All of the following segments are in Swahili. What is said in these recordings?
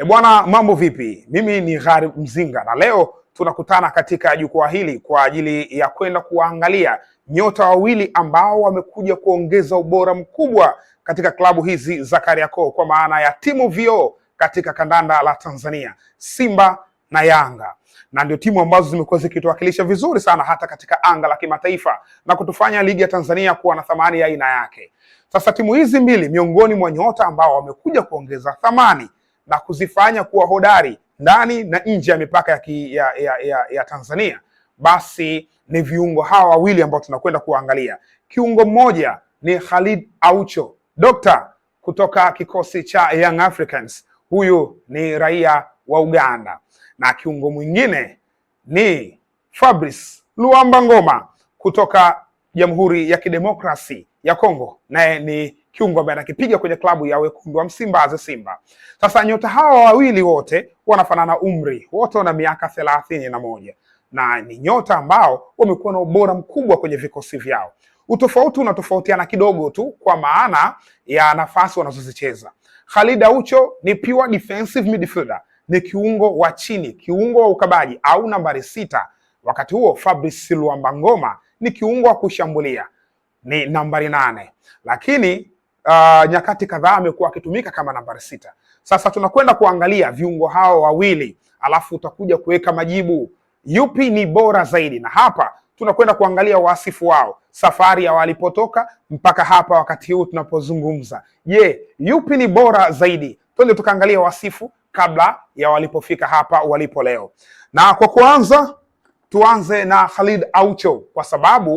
E bwana, mambo vipi? Mimi ni Gharib Mzinga na leo tunakutana katika jukwaa hili kwa ajili ya kwenda kuwaangalia nyota wawili ambao wamekuja kuongeza ubora mkubwa katika klabu hizi za Kariakoo kwa maana ya timu vioo katika kandanda la Tanzania, Simba na Yanga na ndio timu ambazo zimekuwa zikituwakilisha vizuri sana hata katika anga la kimataifa na kutufanya ligi ya Tanzania kuwa na thamani ya aina yake. Sasa timu hizi mbili, miongoni mwa nyota ambao wamekuja kuongeza thamani na kuzifanya kuwa hodari ndani na nje ya mipaka ya, ki, ya, ya, ya, ya Tanzania, basi ni viungo hawa wawili ambao tunakwenda kuangalia. Kiungo mmoja ni Khalid Aucho dokta kutoka kikosi cha Young Africans, huyu ni raia wa Uganda, na kiungo mwingine ni Fabrice Luamba Ngoma kutoka Jamhuri ya, ya Kidemokrasi ya Kongo, naye ni kiungo ambaye anakipiga kwenye klabu ya wekundu wa Msimbazi Simba. Sasa nyota hawa wawili wote wanafanana umri, wote wana miaka thelathini na moja na ni nyota ambao wamekuwa na ubora mkubwa kwenye vikosi vyao. Utofauti unatofautiana kidogo tu kwa maana ya nafasi wanazozicheza. Khalid Aucho ni pure defensive midfielder, ni kiungo wa chini, kiungo wa ukabaji au nambari sita. Wakati huo Fabrice Luamba Ngoma ni kiungo wa kushambulia, ni nambari nane, lakini uh, nyakati kadhaa amekuwa akitumika kama nambari sita. Sasa tunakwenda kuangalia viungo hao wawili alafu utakuja kuweka majibu yupi ni bora zaidi, na hapa tunakwenda kuangalia wasifu wao, safari ya walipotoka mpaka hapa wakati huu tunapozungumza. Je, yupi ni bora zaidi? Twende tukaangalia wasifu kabla ya walipofika hapa walipo leo, na kwa kuanza tuanze na Khalid Aucho kwa sababu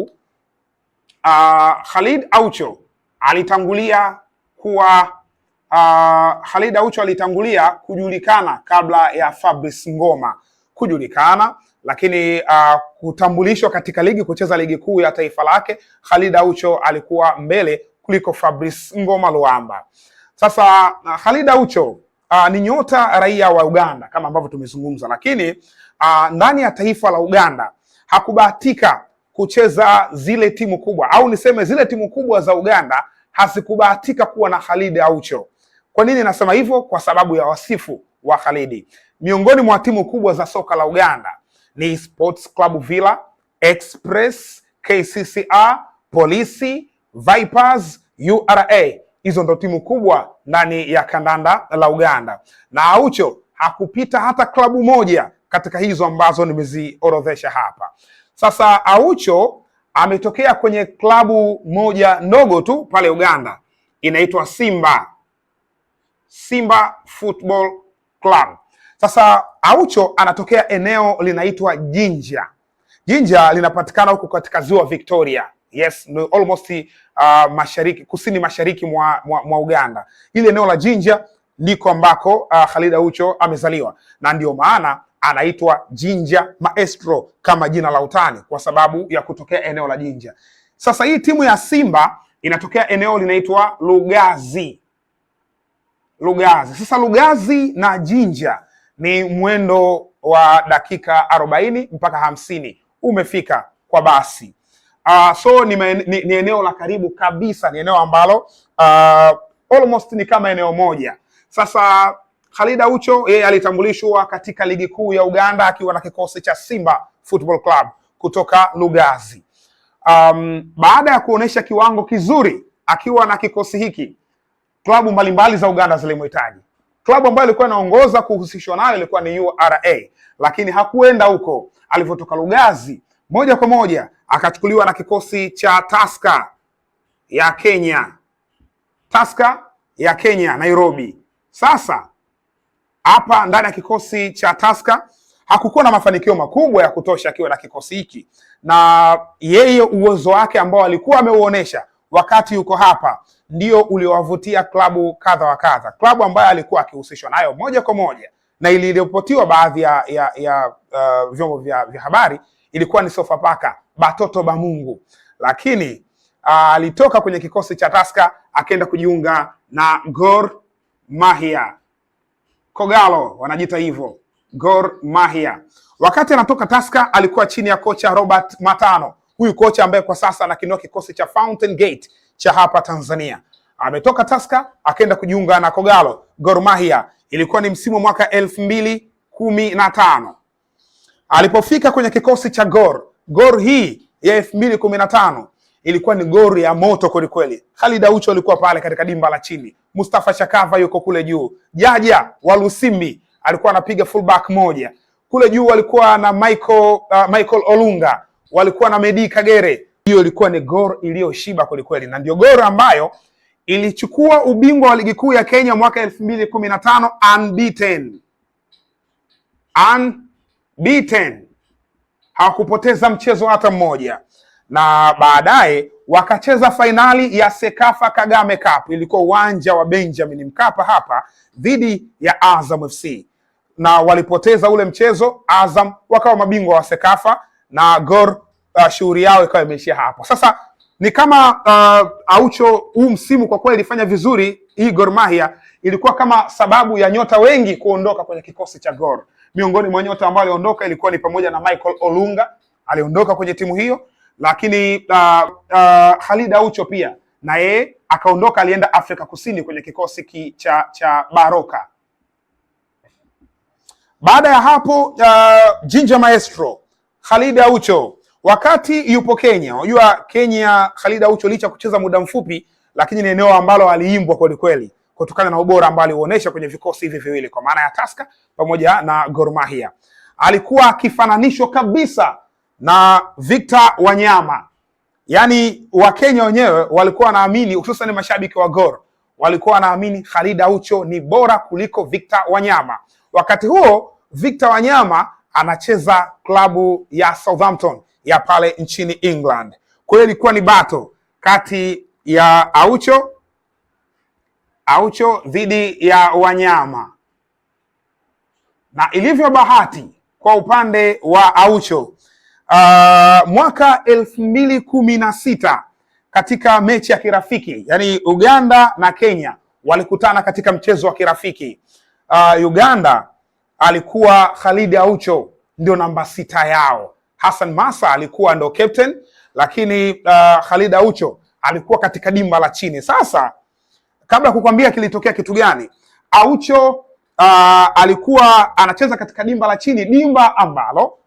uh, Khalid Aucho alitangulia kuwa uh, Khalid Aucho alitangulia kujulikana kabla ya Fabrice Ngoma kujulikana, lakini uh, kutambulishwa katika ligi, kucheza ligi kuu ya taifa lake, Khalid Aucho alikuwa mbele kuliko Fabrice Ngoma Luamba. Sasa uh, Khalid Aucho uh, ni nyota raia wa Uganda kama ambavyo tumezungumza, lakini uh, ndani ya taifa la Uganda hakubahatika kucheza zile timu kubwa au niseme zile timu kubwa za Uganda hazikubahatika kuwa na Khalid Aucho. Kwa nini nasema hivyo? Kwa sababu ya wasifu wa Khalid. Miongoni mwa timu kubwa za soka la Uganda ni Sports Club Villa, Express, KCCR, Polisi, Vipers, URA. Hizo ndo timu kubwa ndani ya kandanda la Uganda, na Aucho hakupita hata klabu moja katika hizo ambazo nimeziorodhesha hapa. Sasa Aucho ametokea kwenye klabu moja ndogo tu pale Uganda inaitwa Simba, Simba Football Club. Sasa Aucho anatokea eneo linaitwa Jinja. Jinja linapatikana huko katika ziwa Victoria. Yes, no, almost uh, mashariki kusini mashariki mwa, mwa, mwa Uganda. Ile eneo la Jinja ndiko ambako uh, Khalid Aucho amezaliwa na ndio maana anaitwa Jinja Maestro kama jina la utani kwa sababu ya kutokea eneo la Jinja. Sasa hii timu ya Simba inatokea eneo linaitwa Lugazi. Lugazi. Sasa Lugazi na Jinja ni mwendo wa dakika arobaini mpaka hamsini umefika kwa basi. Uh, so ni, ni, ni eneo la karibu kabisa, ni eneo ambalo uh, almost ni kama eneo moja sasa Khalid Aucho yeye alitambulishwa katika ligi kuu ya Uganda akiwa na kikosi cha Simba Football Club kutoka Lugazi. Um, baada ya kuonesha kiwango kizuri akiwa na kikosi hiki, klabu mbalimbali za Uganda zilimhitaji. Klabu ambayo ilikuwa inaongoza kuhusishwa nayo ilikuwa ni URA, lakini hakuenda huko. Alivyotoka Lugazi moja kwa moja akachukuliwa na kikosi cha taska ya Kenya, Taska ya Kenya Nairobi. Sasa hapa ndani ya kikosi cha Tusker hakukuwa na mafanikio makubwa ya kutosha akiwa na kikosi hiki, na yeye uwezo wake ambao alikuwa ameuonesha wakati yuko hapa ndio uliowavutia klabu kadha wa kadha, klabu ambayo alikuwa akihusishwa nayo moja kwa moja na iliripotiwa baadhi ya, ya, ya uh, vyombo vya, vya habari ilikuwa ni Sofapaka Batoto ba Mungu, lakini uh, alitoka uh, kwenye kikosi cha Tusker akaenda kujiunga na Gor Mahia. Kogalo wanajita hivyo Gor Mahia. Wakati anatoka Taska alikuwa chini ya kocha Robert Matano, huyu kocha ambaye kwa sasa anakinoa kikosi cha Fountain Gate cha hapa Tanzania. Ametoka Taska akaenda kujiunga na Kogalo Gor Mahia, ilikuwa ni msimu mwaka elfu mbili kumi na tano alipofika kwenye kikosi cha Gor Gor hii ya elfu mbili kumi na tano ilikuwa ni gori ya moto kwelikweli. Khalid Aucho alikuwa pale katika dimba la chini, Mustafa Shakava yuko kule juu, Jaja Walusimbi alikuwa anapiga fullback moja kule juu, walikuwa na Michael, uh, Michael Olunga walikuwa na Medi Kagere. Hiyo ilikuwa ni goru iliyoshiba kwelikweli, na ndio goru ambayo ilichukua ubingwa wa ligi kuu ya Kenya mwaka elfu mbili kumi na tano unbeaten unbeaten, hawakupoteza mchezo hata mmoja na baadaye wakacheza fainali ya Sekafa Kagame Cup, ilikuwa uwanja wa Benjamin Mkapa hapa dhidi ya Azam FC, na walipoteza ule mchezo. Azam wakawa mabingwa wa Sekafa na Gor, uh, shughuli yao ikawa imeishia hapo. Sasa ni kama uh, Aucho huu msimu kwa kweli ilifanya vizuri hii Gor Mahia, ilikuwa kama sababu ya nyota wengi kuondoka kwenye kikosi cha Gor. Miongoni mwa nyota ambao aliondoka ilikuwa ni pamoja na Michael Olunga aliondoka kwenye timu hiyo lakini uh, uh, Khalid Aucho pia na yeye akaondoka, alienda Afrika Kusini kwenye kikosi cha, cha Baroka. Baada ya hapo uh, Jinja Maestro Khalid Aucho wakati yupo Kenya, unajua Kenya, Khalid Aucho licha kucheza muda mfupi, lakini ni eneo ambalo aliimbwa kweli kweli kutokana na ubora ambao aliuonesha kwenye vikosi hivi viwili kwa maana ya Taska pamoja na Gor Mahia. Alikuwa akifananishwa kabisa na Victor Wanyama. Yaani Wakenya wenyewe walikuwa wanaamini, hususan mashabiki wa Gor walikuwa wanaamini Khalid Aucho ni bora kuliko Victor Wanyama. Wakati huo Victor Wanyama anacheza klabu ya Southampton ya pale nchini England. Kwa hiyo ilikuwa ni battle kati ya Aucho Aucho dhidi ya Wanyama, na ilivyo bahati kwa upande wa Aucho Uh, mwaka elfu mbili kumi na sita katika mechi ya kirafiki yani Uganda na Kenya walikutana katika mchezo wa kirafiki uh, Uganda alikuwa Khalid Aucho ndio namba sita yao. Hassan Massa alikuwa ndo captain, lakini uh, Khalid Aucho alikuwa katika dimba la chini. Sasa kabla ya kukwambia kilitokea kitu gani, Aucho uh, alikuwa anacheza katika dimba la chini, dimba ambalo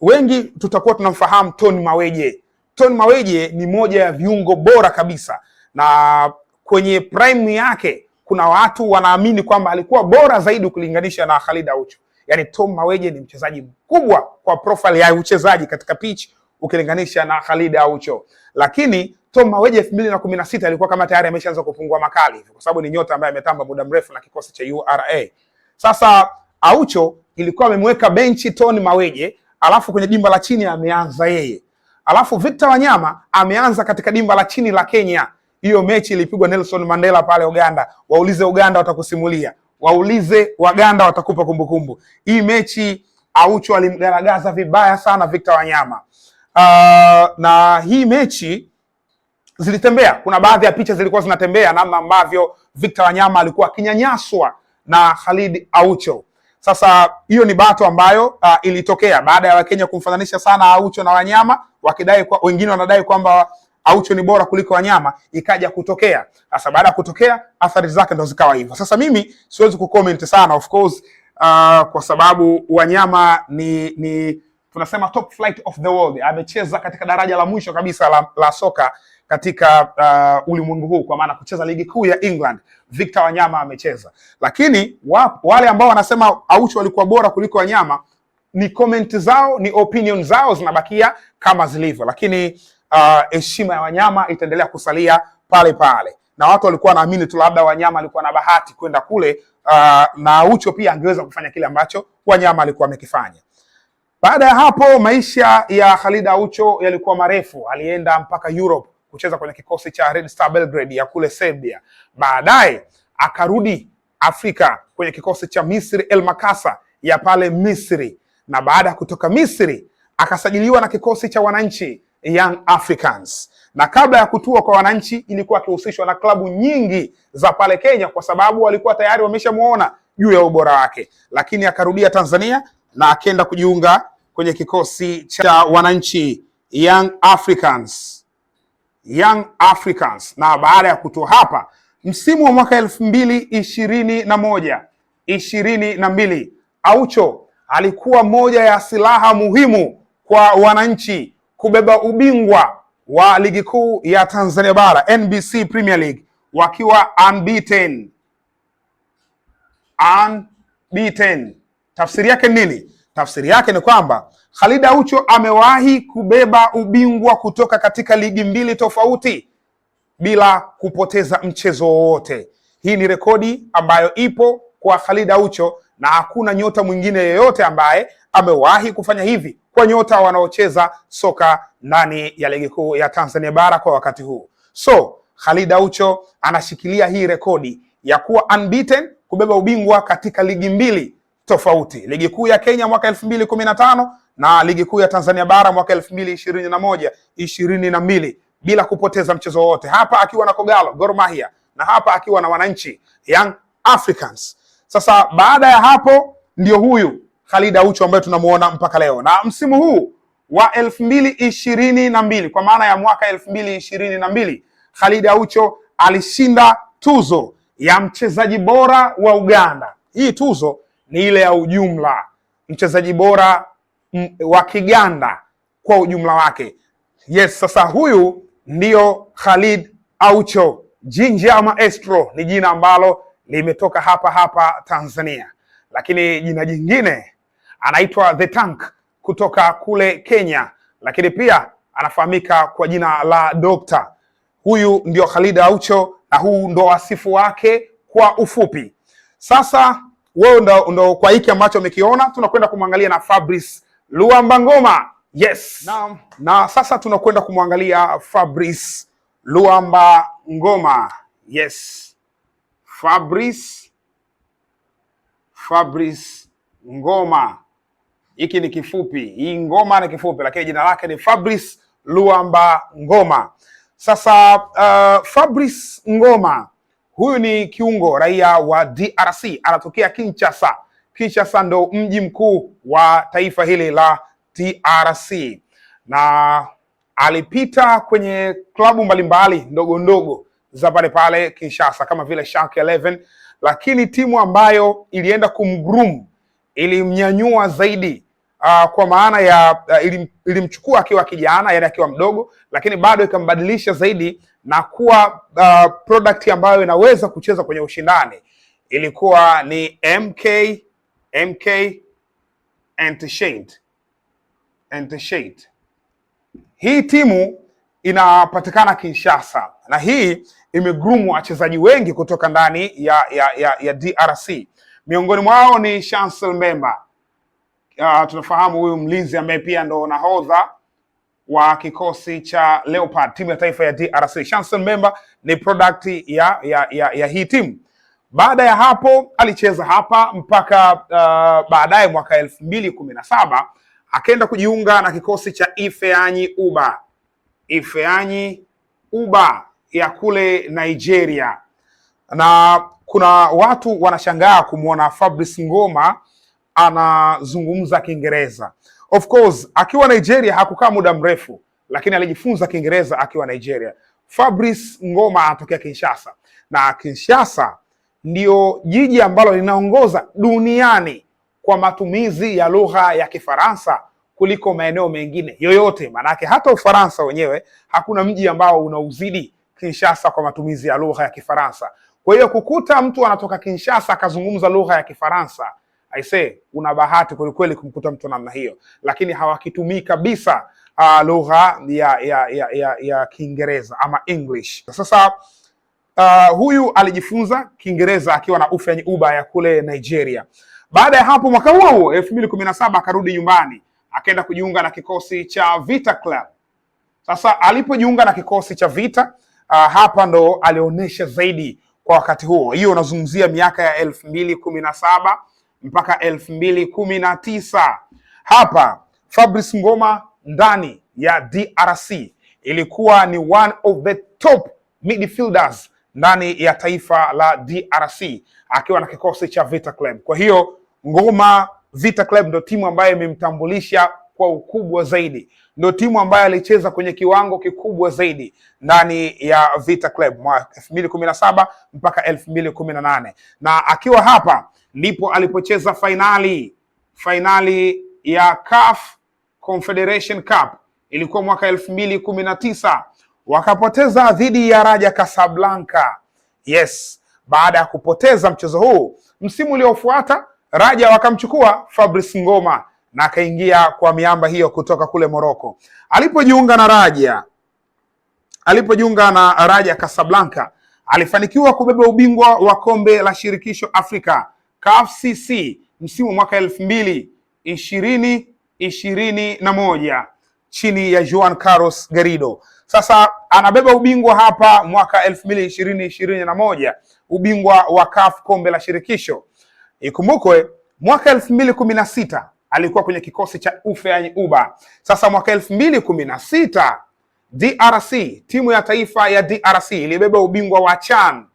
wengi tutakuwa tunamfahamu Tony Maweje. Tony Maweje ni moja ya viungo bora kabisa, na kwenye prime yake kuna watu wanaamini kwamba alikuwa bora zaidi kulinganisha na Khalid Aucho. Yaani Tom Maweje ni mchezaji mkubwa kwa profile ya uchezaji katika pitch ukilinganisha na Khalid Aucho, lakini Tom Maweje 2016 alikuwa kama tayari ameshaanza kupungua makali kwa sababu ni nyota ambaye ametamba muda mrefu na kikosi cha URA. Sasa Aucho ilikuwa amemweka benchi Tony Maweje alafu kwenye dimba la chini ameanza yeye, alafu Victor Wanyama ameanza katika dimba la chini la Kenya. Hiyo mechi ilipigwa Nelson Mandela pale Uganda. Waulize Uganda watakusimulia, waulize Waganda watakupa kumbukumbu. Hii mechi Aucho alimgaragaza vibaya sana Victor Wanyama. Uh, na hii mechi zilitembea, kuna baadhi ya picha zilikuwa zinatembea namna ambavyo Victor Wanyama alikuwa akinyanyaswa na Khalid Aucho. Sasa hiyo ni bato ambayo uh, ilitokea baada ya Wakenya kumfananisha sana Aucho na wanyama, wakidai kwa, wengine wanadai kwamba Aucho ni bora kuliko wanyama, ikaja kutokea sasa. Baada ya kutokea, athari zake ndo zikawa hivyo. Sasa mimi siwezi kucomment sana of course uh, kwa sababu wanyama ni ni tunasema top flight of the world, amecheza katika daraja la mwisho kabisa la, la soka katika uh, ulimwengu huu kwa maana kucheza ligi kuu ya England Victor Wanyama amecheza, lakini wa, wale ambao wanasema Aucho walikuwa bora kuliko Wanyama ni comment zao, ni opinion zao zinabakia kama zilivyo, lakini uh, heshima uh, ya Wanyama itaendelea kusalia pale pale, na watu walikuwa wanaamini tu labda Wanyama alikuwa na bahati kwenda kule uh, na Aucho pia angeweza kufanya kile ambacho Wanyama alikuwa amekifanya. Baada ya hapo maisha ya Khalid Aucho yalikuwa marefu, alienda mpaka Europe kucheza kwenye kikosi cha Red Star Belgrade ya kule Serbia. Baadaye akarudi Afrika kwenye kikosi cha Misri El Makasa ya pale Misri, na baada ya kutoka Misri akasajiliwa na kikosi cha wananchi Young Africans, na kabla ya kutua kwa wananchi ilikuwa akihusishwa na klabu nyingi za pale Kenya, kwa sababu walikuwa tayari wameshamuona juu ya ubora wake, lakini akarudia Tanzania na akenda kujiunga kwenye kikosi cha wananchi Young Africans. Young Africans, na baada ya hapa msimu wa mwaka elfu mbili ishirini na moja ishirini na mbili Aucho alikuwa moja ya silaha muhimu kwa wananchi kubeba ubingwa wa ligi kuu ya Tanzania bara NBC Premier League wakiwa unbeaten. Unbeaten. Tafsiri yake nini? Tafsiri yake ni kwamba Khalid Aucho amewahi kubeba ubingwa kutoka katika ligi mbili tofauti bila kupoteza mchezo wowote. Hii ni rekodi ambayo ipo kwa Khalid Aucho na hakuna nyota mwingine yeyote ambaye amewahi kufanya hivi kwa nyota wanaocheza soka ndani ya ligi kuu ya Tanzania bara kwa wakati huu. So Khalid Aucho anashikilia hii rekodi ya kuwa unbeaten, kubeba ubingwa katika ligi mbili tofauti, ligi kuu ya Kenya mwaka elfu mbili kumi na tano na ligi kuu ya Tanzania bara mwaka elfu mbili ishirini na moja ishirini na mbili bila kupoteza mchezo wowote, hapa akiwa na Kogalo Gor Mahia na hapa akiwa na wananchi Young Africans. Sasa baada ya hapo ndio huyu Khalid Aucho ambaye tunamuona mpaka leo na msimu huu wa elfu mbili ishirini na mbili kwa maana ya mwaka elfu mbili ishirini na mbili Khalid Aucho alishinda tuzo ya mchezaji bora wa Uganda. Hii tuzo ni ile ya ujumla, mchezaji bora wa Kiganda kwa ujumla wake. Yes, sasa huyu ndio Khalid Aucho Jinja Maestro, ni jina ambalo limetoka hapa hapa Tanzania, lakini jina jingine anaitwa The Tank kutoka kule Kenya, lakini pia anafahamika kwa jina la Dokta. Huyu ndio Khalid Aucho na huu ndo wasifu wake kwa ufupi. Sasa wewe ndo, ndo kwa hiki ambacho umekiona, tunakwenda kumwangalia na Fabrice Luamba Ngoma. Yes. Na, na sasa tunakwenda kumwangalia Fabrice Luamba Ngoma. Yes. Fabrice Fabrice Ngoma, hiki ni kifupi, hii ngoma ni kifupi, lakini jina lake ni Fabrice Luamba Ngoma. Sasa uh, Fabrice Ngoma Huyu ni kiungo raia wa DRC anatokea Kinshasa. Kinshasa ndo mji mkuu wa taifa hili la DRC na alipita kwenye klabu mbalimbali ndogo ndogo za pale pale Kinshasa kama vile Shark 11, lakini timu ambayo ilienda kumgroom ilimnyanyua zaidi uh, kwa maana ya uh, ilim, ilimchukua akiwa kijana, yani akiwa mdogo, lakini bado ikambadilisha zaidi na kuwa uh, product ambayo inaweza kucheza kwenye ushindani. Ilikuwa ni MK MK Antishade Antishade. Hii timu inapatikana Kinshasa na hii imegrumu wachezaji wengi kutoka ndani ya, ya, ya, ya DRC. Miongoni mwao ni Chancel Mbemba uh, tunafahamu huyu mlinzi ambaye pia ndo nahodha wa kikosi cha Leopard timu ya taifa ya DRC. Shanson Memba ni product ya, ya, ya, ya hii timu. Baada ya hapo alicheza hapa mpaka uh, baadaye mwaka elfu mbili kumi na saba akaenda kujiunga na kikosi cha Ifeanyi Uba, Ifeanyi Uba ya kule Nigeria, na kuna watu wanashangaa kumwona Fabrice Ngoma anazungumza Kiingereza. Of course, akiwa Nigeria hakukaa muda mrefu, lakini alijifunza Kiingereza akiwa Nigeria. Fabrice Ngoma anatokea Kinshasa na Kinshasa ndio jiji ambalo linaongoza duniani kwa matumizi ya lugha ya Kifaransa kuliko maeneo mengine yoyote. Maanake hata Ufaransa wenyewe hakuna mji ambao unauzidi Kinshasa kwa matumizi ya lugha ya Kifaransa. Kwa hiyo kukuta mtu anatoka Kinshasa akazungumza lugha ya Kifaransa I say una bahati kwelikweli kumkuta mtu namna hiyo, lakini hawakitumii kabisa uh, lugha ya, ya, ya, ya, ya Kiingereza ama English. Sasa uh, huyu alijifunza Kiingereza akiwa na Ufenyi Uba ya kule Nigeria. Baada ya hapo mwaka huo huo elfu mbili kumi na saba akarudi nyumbani akaenda kujiunga na kikosi cha Vita Club. Sasa alipojiunga na kikosi cha Vita uh, hapa ndo alionyesha zaidi kwa wakati huo. Hiyo unazungumzia miaka ya elfu mbili kumi na saba mpaka elfu mbili kumi na tisa hapa Fabrice Ngoma ndani ya DRC ilikuwa ni one of the top midfielders ndani ya taifa la DRC akiwa na kikosi cha Vita Club. Kwa hiyo Ngoma Vita Club ndio timu ambayo imemtambulisha kwa ukubwa zaidi, ndio timu ambayo alicheza kwenye kiwango kikubwa zaidi ndani ya Vita Club mwaka 2017 kumi na saba mpaka elfu kumi na nane na akiwa hapa ndipo alipocheza fainali fainali ya CAF Confederation Cup ilikuwa mwaka elfu mbili kumi na tisa wakapoteza dhidi ya Raja Casablanca. Yes, baada ya kupoteza mchezo huu, msimu uliofuata Raja wakamchukua Fabrice Ngoma na akaingia kwa miamba hiyo kutoka kule Moroko. Alipojiunga na Raja, alipojiunga na Raja Casablanca alifanikiwa kubeba ubingwa wa kombe la shirikisho Afrika CAF CC msimu mwaka elfu mbili ishirini ishirini na moja chini ya Juan Carlos Garrido. Sasa anabeba ubingwa hapa mwaka elfu mbili ishirini ishirini na moja ubingwa wa CAF kombe la shirikisho. Ikumbukwe mwaka elfu mbili kumi na sita alikuwa kwenye kikosi cha Ufeani Uba. Sasa mwaka elfu mbili kumi na sita DRC, timu ya taifa ya DRC ilibeba ubingwa wa CHAN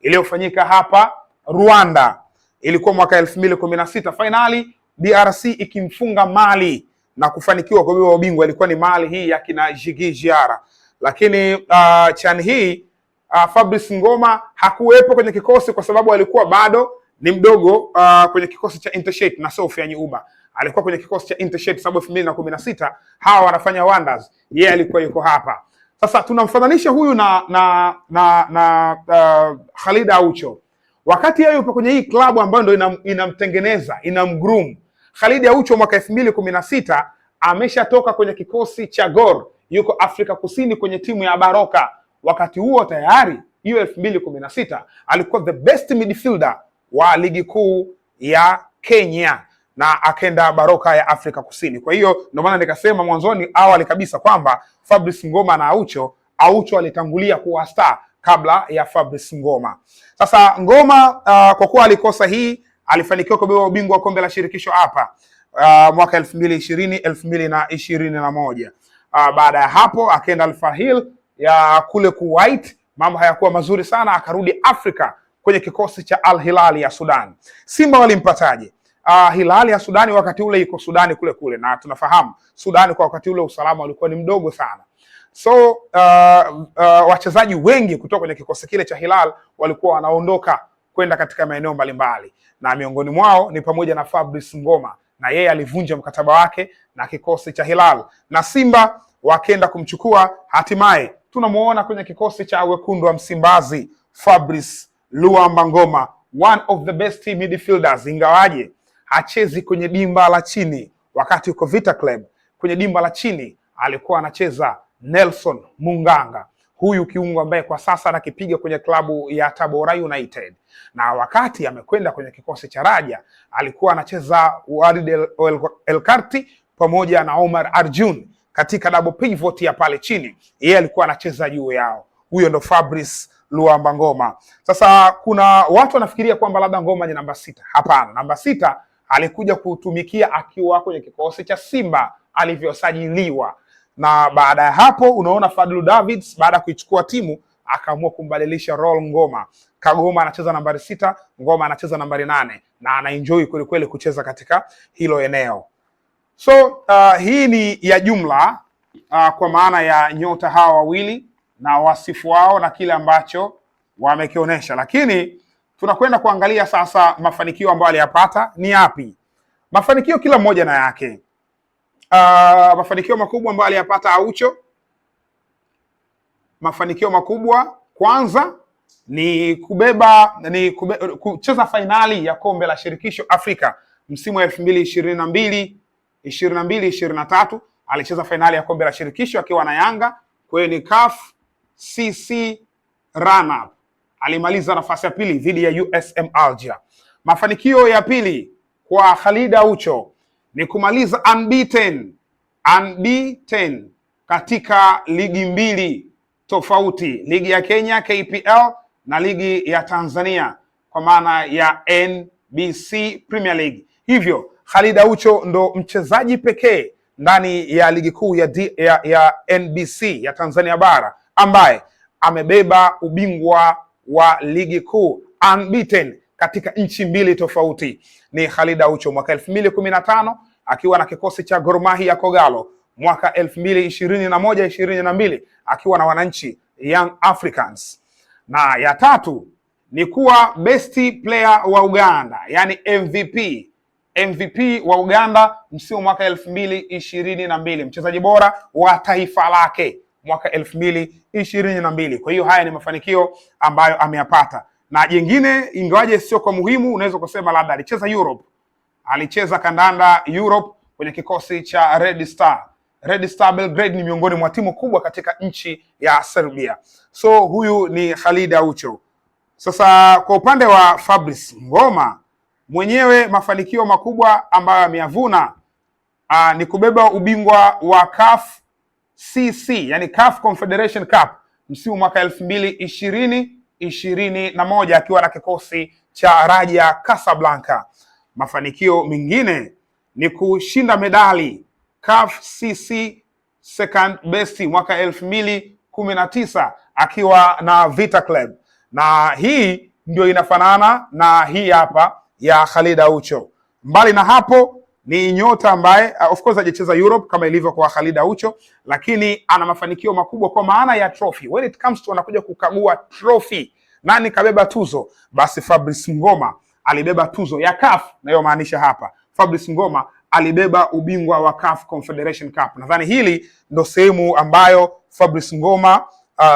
iliyofanyika hapa Rwanda. Ilikuwa mwaka elfu mbili kumi na sita fainali DRC ikimfunga Mali na kufanikiwa kubeba ubingwa, ilikuwa ni Mali hii ya kina Jigi Jiara, lakini uh, CHAN hii uh, Fabrice Ngoma hakuwepo kwenye kikosi kwa sababu alikuwa bado ni mdogo uh, kwenye kikosi cha Intershape na Sophia yaani Nyuba alikuwa kwenye kikosi cha Intershape sababu elfu mbili na kumi na sita hawa wanafanya wonders, yeye yeah, alikuwa yuko hapa. Sasa tunamfananisha huyu na na na, na uh, Khalid Aucho wakati yeye yupo kwenye hii klabu ambayo ndio inamtengeneza ina inamgroom. Khalid Aucho mwaka elfu mbili kumi na sita ameshatoka kwenye kikosi cha Gor, yuko Afrika Kusini kwenye timu ya Baroka. Wakati huo tayari hiyo elfu mbili kumi na sita alikuwa the best midfielder wa ligi kuu ya Kenya na akenda Baroka ya Afrika Kusini. Kwa hiyo ndio maana nikasema mwanzoni awali kabisa kwamba Fabrice Ngoma na Aucho, Aucho alitangulia kuwa star kabla ya Fabrice Ngoma. Sasa Ngoma uh, kwa kuwa alikosa hii, alifanikiwa kubeba ubingwa wa kombe la shirikisho hapa uh, mwaka elfu 2021. ishirini elfu mbili na ishirini na moja. Uh, baada ya hapo akaenda Al Fahil ya kule Kuwait, mambo hayakuwa mazuri sana, akarudi Afrika kwenye kikosi cha Al Hilal ya Sudan. Simba walimpataje? uh, Hilali ya Sudani wakati ule iko Sudani kule kule, na tunafahamu Sudani kwa wakati ule usalama ulikuwa ni mdogo sana. So uh, uh, wachezaji wengi kutoka kwenye kikosi kile cha Hilal walikuwa wanaondoka kwenda katika maeneo mbalimbali, na miongoni mwao ni pamoja na Fabrice Ngoma, na yeye alivunja mkataba wake na kikosi cha Hilal na Simba wakenda kumchukua. Hatimaye tunamuona kwenye kikosi cha wekundu wa Msimbazi Fabrice Luamba Ngoma, one of the best midfielders, ingawaje achezi kwenye dimba la chini. Wakati uko Vita Club kwenye dimba la chini alikuwa anacheza Nelson Munganga, huyu kiungo ambaye kwa sasa anakipiga kwenye klabu ya Tabora United, na wakati amekwenda kwenye kikosi cha Raja alikuwa anacheza Walid Elkarti pamoja na Omar Arjun katika double pivot ya pale chini, yeye alikuwa anacheza juu yao. Huyo ndo Fabrice Luamba Ngoma. Sasa kuna watu wanafikiria kwamba labda Ngoma ni namba sita. Hapana, namba sita alikuja kutumikia akiwa kwenye kikosi cha Simba alivyosajiliwa, na baada ya hapo unaona Fadlu Davids baada ya kuichukua timu akaamua kumbadilisha role Ngoma. Kagoma anacheza nambari sita, Ngoma anacheza nambari nane na anaenjoy kwelikweli kucheza katika hilo eneo. So uh, hii ni ya jumla uh, kwa maana ya nyota hawa wawili na wasifu wao na kile ambacho wamekionyesha, lakini tunakwenda kuangalia sasa mafanikio ambayo aliyapata ni yapi. Mafanikio kila mmoja na yake. Uh, mafanikio makubwa ambayo aliyapata Aucho, mafanikio makubwa kwanza ni kubeba ni kube, kucheza fainali ya kombe la shirikisho Afrika msimu wa elfu mbili ishirini na mbili ishirini na mbili ishirini na tatu alicheza fainali ya kombe la shirikisho akiwa na Yanga. Kwa hiyo ni CAF CC run up alimaliza nafasi ya pili dhidi ya USM Alger. Mafanikio ya pili kwa Khalida Ucho ni kumaliza unbeaten, unbeaten katika ligi mbili tofauti, ligi ya Kenya KPL na ligi ya Tanzania kwa maana ya NBC Premier League. Hivyo Khalida Ucho ndo mchezaji pekee ndani ya ligi kuu ya, ya, ya NBC ya Tanzania bara ambaye amebeba ubingwa wa ligi kuu unbeaten katika nchi mbili tofauti ni Khalid Aucho mwaka 2015 akiwa na kikosi cha Gor Mahia Kogalo, mwaka 2021 mbili akiwa na wananchi Young Africans, na ya tatu ni kuwa best player wa Uganda, yani MVP MVP wa Uganda msimu mwaka 2022, mchezaji bora wa taifa lake mwaka elfu mbili ishirini na mbili. Kwa hiyo haya ni mafanikio ambayo ameyapata, na jengine ingawaje sio kwa muhimu, unaweza kusema labda alicheza Europe, alicheza kandanda Europe kwenye kikosi cha Red Star. Red Star Belgrade ni miongoni mwa timu kubwa katika nchi ya Serbia. So huyu ni Khalid Aucho. Sasa kwa upande wa Fabrice Ngoma mwenyewe mafanikio makubwa ambayo ameyavuna ni kubeba ubingwa wa CAF CC, yani CAF Confederation Cup msimu mwaka elfu mbili ishirini ishirini na moja akiwa na kikosi cha Raja Casablanca. Mafanikio mengine ni kushinda medali CAF CC Second Best mwaka elfu mbili kumi na tisa akiwa na Vita Club, na hii ndio inafanana na hii hapa ya Khalid Aucho. Mbali na hapo ni nyota ambaye uh, of course hajacheza Europe kama ilivyo kwa Khalid Aucho, lakini ana mafanikio makubwa kwa maana ya trophy. When it comes to anakuja kukagua trophy, nani kabeba tuzo, basi Fabrice Ngoma alibeba tuzo ya CAF, maanisha hapa Fabrice Ngoma alibeba ubingwa wa CAF Confederation Cup. Nadhani hili ndo sehemu ambayo Fabrice Ngoma Uh,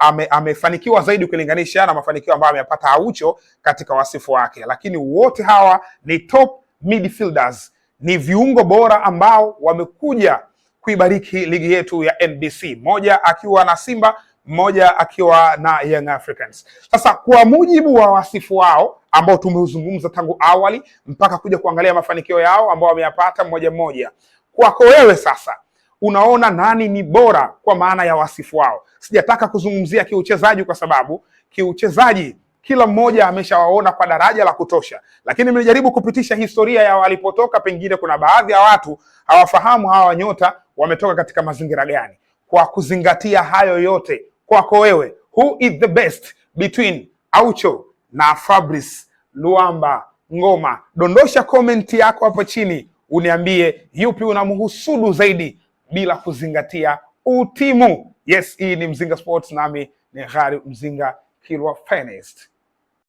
ame, amefanikiwa zaidi ukilinganisha na mafanikio ambayo ameyapata Aucho katika wasifu wake, lakini wote hawa ni top midfielders ni viungo bora ambao wamekuja kuibariki ligi yetu ya NBC, moja akiwa na Simba, mmoja akiwa na Young Africans. Sasa kwa mujibu wa wasifu wao ambao tumeuzungumza tangu awali mpaka kuja kuangalia mafanikio yao ambao wameyapata mmoja mmoja, kwako wewe sasa unaona nani ni bora kwa maana ya wasifu wao? Sijataka kuzungumzia kiuchezaji kwa sababu kiuchezaji kila mmoja ameshawaona kwa daraja la kutosha, lakini nimejaribu kupitisha historia ya walipotoka. Pengine kuna baadhi ya watu hawafahamu hawa nyota wametoka katika mazingira gani. Kwa kuzingatia hayo yote, kwako wewe, who is the best between Aucho na Fabrice Luamba Ngoma? Dondosha komenti yako hapo chini uniambie yupi unamhusudu zaidi, bila kuzingatia utimu. Yes, hii ni Mzinga Sports, nami ni Ghari Mzinga. Kilwa finest.